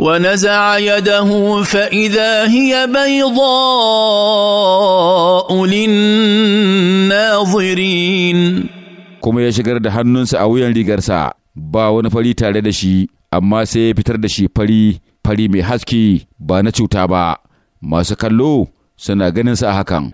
ونزع يده فإذا هي بيضاء للناظرين kuma ya shigar da hannunsa a wuyan rigarsa ba wani fari tare da shi amma sai ya fitar da shi fari fari mai haske ba na cuta ba masu kallo suna ganinsa a hakan